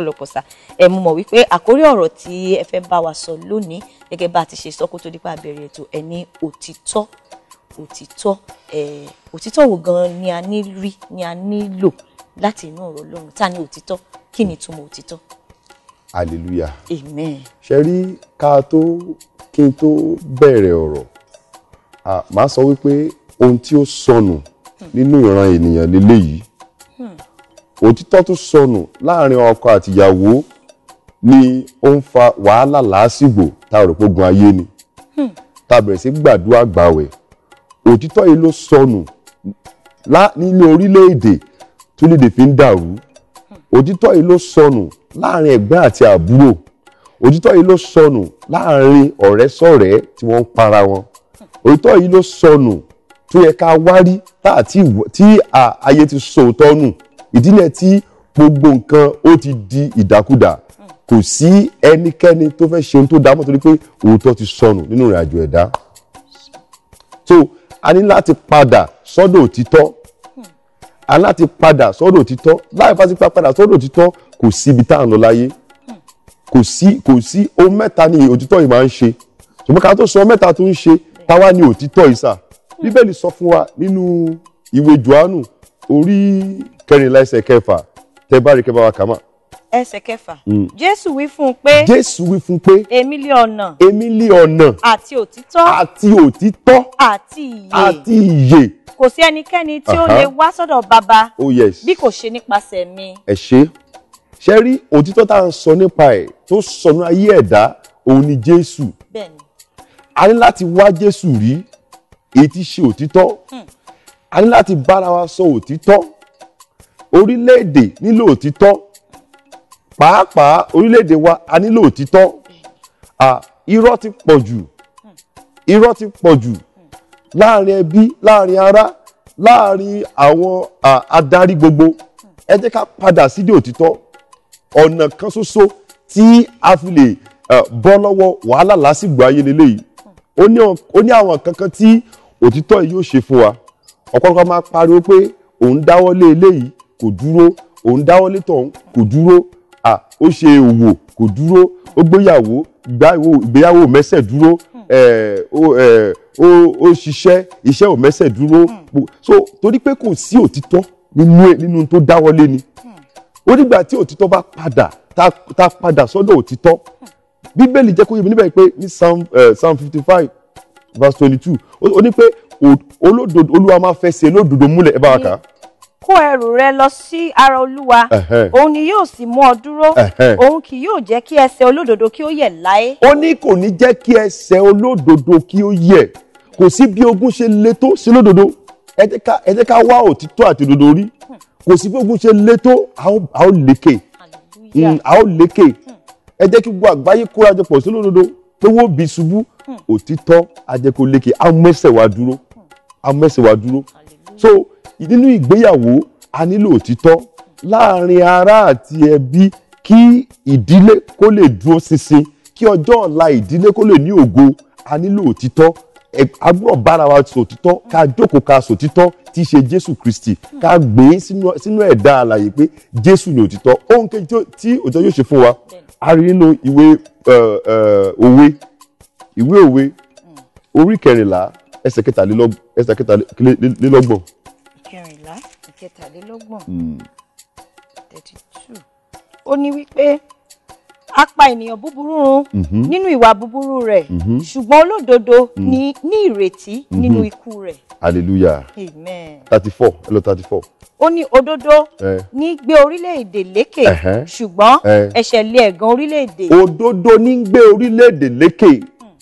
lọ́pọ̀lọpọ̀ ẹ mú mọ̀ wípé àkórí ọ̀rọ̀ tí ẹ fẹ́ bá wa sọ lónìí gẹ́gẹ́ bá a ti ṣe sọ kó tó dípá abẹ́rẹ́ ètò ẹ ní òtítọ́ òtítọ́ ẹ òtítọ́ wo gan ni a ní rí ni a nílò láti inú ọ̀rọ̀ Ọlọ́run tá ní òtítọ́ kí ni ìtumọ̀ òtítọ́. hallelujah amen. ṣe rí ká tó kí n tó bẹ̀rẹ̀ ọ̀rọ̀ màá sọ wípé ohun tí ó sọnù hmm. nínú ìran ènìyàn lélẹ́yìí òtítọ́ tó sọnù láàrin ọkọ àtìyàwó ni ó ń fa wàhálà làásìgbò tá a rò pé ogun ayé ni hmm. tá a bẹ̀rẹ̀ sí gbàdúrà gbàwẹ̀ òtítọ́ yìí ló sọnù nílé orílẹ̀-èdè tó lè dè fi ń dàrú òtítọ́ yìí ló sọnù láàrin ẹ̀gbọ́n àti àbúrò òtítọ́ yìí ló sọnù láàrin ọ̀rẹ́ sọ̀rẹ́ tí wọ́n ń para wọn òtítọ́ yìí ló sọnù tó yẹ ká wárí tá àti tí ayé ti sọ òótọ́ nù ìdí náà tí gbogbo nǹkan ó ti di ìdàkudà kò sí ẹnikẹ́ni tó fẹ́ ṣe ohun tó dámọ̀ torí pé òótọ́ ti sọnù nínú ìrìn àjò ẹ̀dá so a ní láti padà sọ́dọ̀ òtítọ́ a ní láti padà sọ́dọ̀ òtítọ́ láì fásitì padà sọ́dọ̀ òtítọ́ kò sí ibi tá à ń lọ láyé kò sí kò sí ohun mẹ́ta ni òtítọ́ yìí máa ń ṣe ṣùgbọ́n ká tó sọ mẹ́ta tó ń ṣe táwa ni òtítọ́ yìí sà bíbélì sọ fún wa nínú ìwé Jòhánù orí kẹrìnlá ẹsẹ̀ kẹfà tẹ bá rí kẹ bá wa kà má. ẹsẹ̀ kẹfà hmm. jésù wí fún un pé jésù wí fún un pé èmi lé ọ̀nà èmi lé ọ̀nà àti òtítọ́ àti òtítọ́ àti ìyè àti ìyè kò sí ẹnikẹ́ni tí ó lè wá sọ́dọ̀ bàbá oh, bí kò ṣe nípasẹ̀ mi. ẹ ṣe ṣe rí òtítọ́ tá à ń sọ nípa ẹ̀ tó sọnù ayé ẹ̀dá òun ni jésù a ní láti wá jésù rí èyí tí ṣe òtítọ́ hmm. a ní láti bára wa sọ òtítọ́ orílẹ̀-èdè nílò òtítọ́ pàápàá orílẹ̀-èdè wa a nílò òtítọ́ irọ́ ti pọ̀ jù irọ́ ti pọ̀ jù láàrin ẹbí láàrin ará láàrin àwọn adarí gbogbo ẹ jẹ́ ká padà sídìí òtítọ́ ọ̀nà kan ṣoṣo tí a fi lè bọ́ lọ́wọ́ wàhálà lásìgbò ayé lélẹ́yìí ó ní àwọn kankan tí òtítọ́ yìí yóò ṣe fún wa ọ̀pọ̀lọpọ̀ máa pariwo pé òun dáwọ́ lé eléyìí kò dúró òun dáwọ́lé tọ̀hún kò dúró à ó ṣe òwò kò dúró ó gbéyàwó ìgbéyàwó mẹ́sẹ̀ dúró ó ṣiṣẹ́ iṣẹ́ ò mẹ́sẹ̀ dúró hmm. so torí pé kò sí òtítọ́ nínú tó dáwọ́lé ni hmm. ó nígbà tí òtítọ́ bá padà tá padà sọ́dọ̀ òtítọ́ bíbélì jẹ́ kó yé mi níbẹ̀ pé ní psalm fifty five verse twenty two ó ní pé olódodo olúwa máa fẹsẹ̀ olódodo múlẹ̀ ẹ bá wa kà á kó ẹrù rẹ lọ sí ara olúwa òun ni yóò sì mú ọ dúró òun kì yóò jẹ́ kí ẹsẹ̀ olódodo kí ó yẹ̀ láé. ó ní kò ní jẹ́ kí ẹsẹ̀ olódodo kí ó yẹ̀ kò sí bí ogun ṣe le tó sí lódodo ẹ jẹ́ ká wá òtítọ́ àti òdodo rí kò sí bí ogun ṣe le tó a ó lékè hmm, a ó lékè ẹ jẹ́ kí gbogbo àgbáyé kórajọ pọ̀ sí lódodo pé wọ́n bí ṣubú hmm. òtítọ́ ajẹ́kọ̀ọ́ lékè a mú ẹsẹ̀ dúró a mú ẹsẹ̀ dúró so nínú ìgbéyàwó a nílò òtítọ́ láàrin ará àti ẹbí kí ìdílé kó lè dúró ṣinṣin kí ọjọ́ ọ̀la ìdílé kó lè ní ògo a nílò òtítọ́ a gbọ́dọ̀ bára wa sòtítọ́ ká jókòó ká sòtítọ́ tí í ṣe jésù kristi ká gbé e sínú ẹ̀dá àlàyé pé jésù ni òtítọ́ ohun kejì tí òtítọ́ yóò ṣe fún wa a rí nínú ìwé òwe ìwé òwe orí kẹrìnlá ẹsẹ̀ kẹtàlélọ́gbọ̀n kẹtàlélọ́gbọ̀n hmm. thirty two ó ní wípé a pa ènìyàn búburú run mhm. nínú ìwà búburú rẹ̀ mhm. ṣùgbọ́n olódodo hmm. ní ní ìrètí mhm. nínú ikú rẹ̀. hallelujah amen thirty four hello thirty four. ó ní òdodo eh. ní gbé orílẹ̀-èdè lékè ṣùgbọ́n eh. ẹ̀ṣẹ̀ lé ẹ̀gàn orílẹ̀-èdè. òdodo ní gbé orílẹ̀-èdè lékè hmm.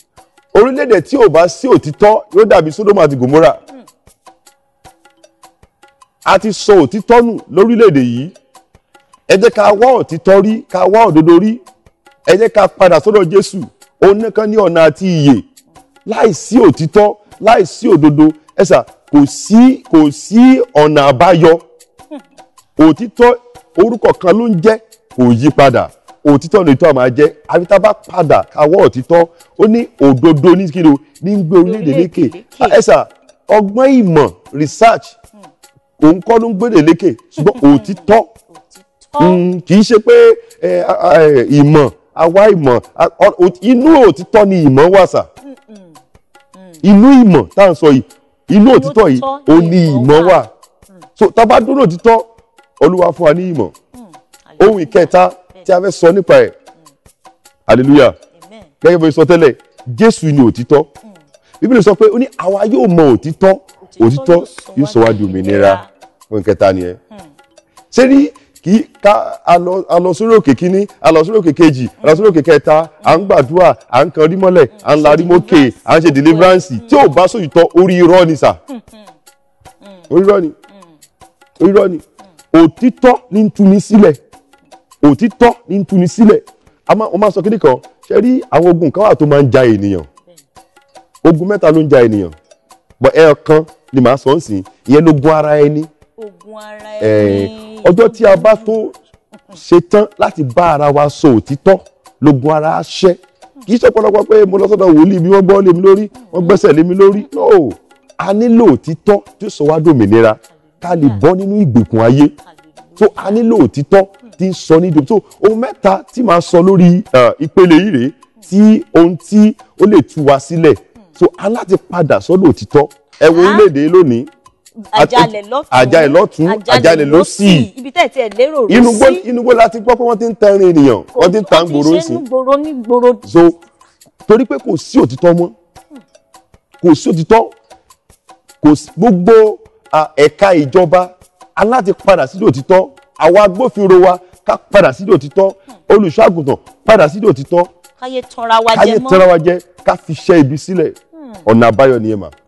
orílẹ̀-èdè tí ò bá sí òtítọ́ yóò dàbí Sódómù àti Gòmórà a ti sọ òtítọ́ nù lórílẹ̀‐èdè yìí ẹ jẹ́ ká wá òtítọ́ rí ká wá òdodo rí ẹ jẹ́ ká padà sọ́dọ̀ Jésù òun nìkan ní ọ̀nà àti ìyè láìsí òtítọ́ láìsí òdodo ẹ̀sà kò sí kò sí ọ̀nà àbáyọ òtítọ́ orúkọ kan ló ń jẹ́ kò yí padà òtítọ́ ni ìtọ́ àmà jẹ́ àbí tá a bá òtítọ́ ó ní òdodo ní kíni o ní ń gbé orílẹ̀-èdè lékè ẹ̀sà ọgbọ́n ìmọ̀ research hmm òun kọ́ ló ń gbèrè lékè ṣùgbọ́n òtítọ́ hmm, kì í ṣe pé ìmọ̀ àwa ìmọ̀ inú òtítọ́ ni ìmọ̀ wà sà mm, mm, mm, inú ìmọ̀ tá à ń sọ yìí inú òtítọ́ yìí ó ní ìmọ̀ wà so tá a bá dúró òtítọ́ olúwa fún wa ní ìmọ̀ ohun ìkẹta tí a fẹ́ sọ nípa ẹ̀ hallelujah gẹ́gẹ́ bí o sọ tẹ́lẹ̀ jésù ni òtítọ́ bíbélì sọ pé ó ní àwa yóò mọ òtítọ́ òtítọ́ yóò sọ wá di òmìnira ohun kẹta nìyẹn ṣé ní kí ká a lọ sórí òkè kínní a lọ sórí òkè kejì a lọ sórí òkè kẹta à ń gbàdúrà à ń kan rí mọ́lẹ̀ à ń larí mókè à ń ṣe deliverance tí ò bá sóyìtọ́ orí irọ́ ni sà orí irọ́ ni orí irọ́ ni òtítọ́ ní ń tuni sílẹ̀ òtítọ́ ní ń tuni sílẹ̀ a máa sọ kíní kan ṣe rí àwọn ogun kan tó máa ń ja ènìyàn ogun mẹ́ta ló ń ja ènìyàn bọ̀ ẹ̀ẹ̀kan ni màá sọ ń sìn ìyẹn lógun ara ẹni oògùn ara ẹni. ọjọ́ tí a bá tó ṣetán láti bá ara wa sọ òtítọ́ lóògùn ara ṣẹ́ kì í ṣe pé mo lọ sọ́dọ̀ wòlíì bí wọ́n gbọ́ lé mi lórí wọ́n gbẹ́sẹ̀ lé lórí no a nílò òtítọ́ tí ó sọ wá dòmìnira ká lè bọ́ nínú ìgbèkùn ayé so a nílò òtítọ́ tí ń sọ ní dòmìnira so ohun mẹ́ta tí màá sọ lórí ìpele yìí rèé tí ohun tí ó lè tú wa sílẹ̀ so a láti padà sọ́dọ̀ òtítọ́ ẹ orílẹ̀-èdè lónìí àjálẹ̀ lọ́tún àjálẹ̀ lọ́tún àjálẹ̀ lọ́sì ibi tẹ́ ti ẹ̀ lérò rú sí. inú gbó la ti gbọ́ pé wọ́n ti ń tẹrin ènìyàn wọ́n ti ń ta gbòòrò sí. wọ́n ti ṣe gbòòrò ní gbòòrò. so torí pé kò sí òtítọ́ mọ́ kò sí òtítọ́ kò sí gbogbo ẹ̀ka ìjọba aláti padà sí òtítọ́ àwa agbófinró wa ká padà sí òtítọ́ olùṣọ́ àgùntàn padà sí òtítọ́ káyé tanra wa jẹ ká fi iṣẹ́ ibi sílẹ̀ hmm. ọ̀nà àbáyọ nìyẹn mà.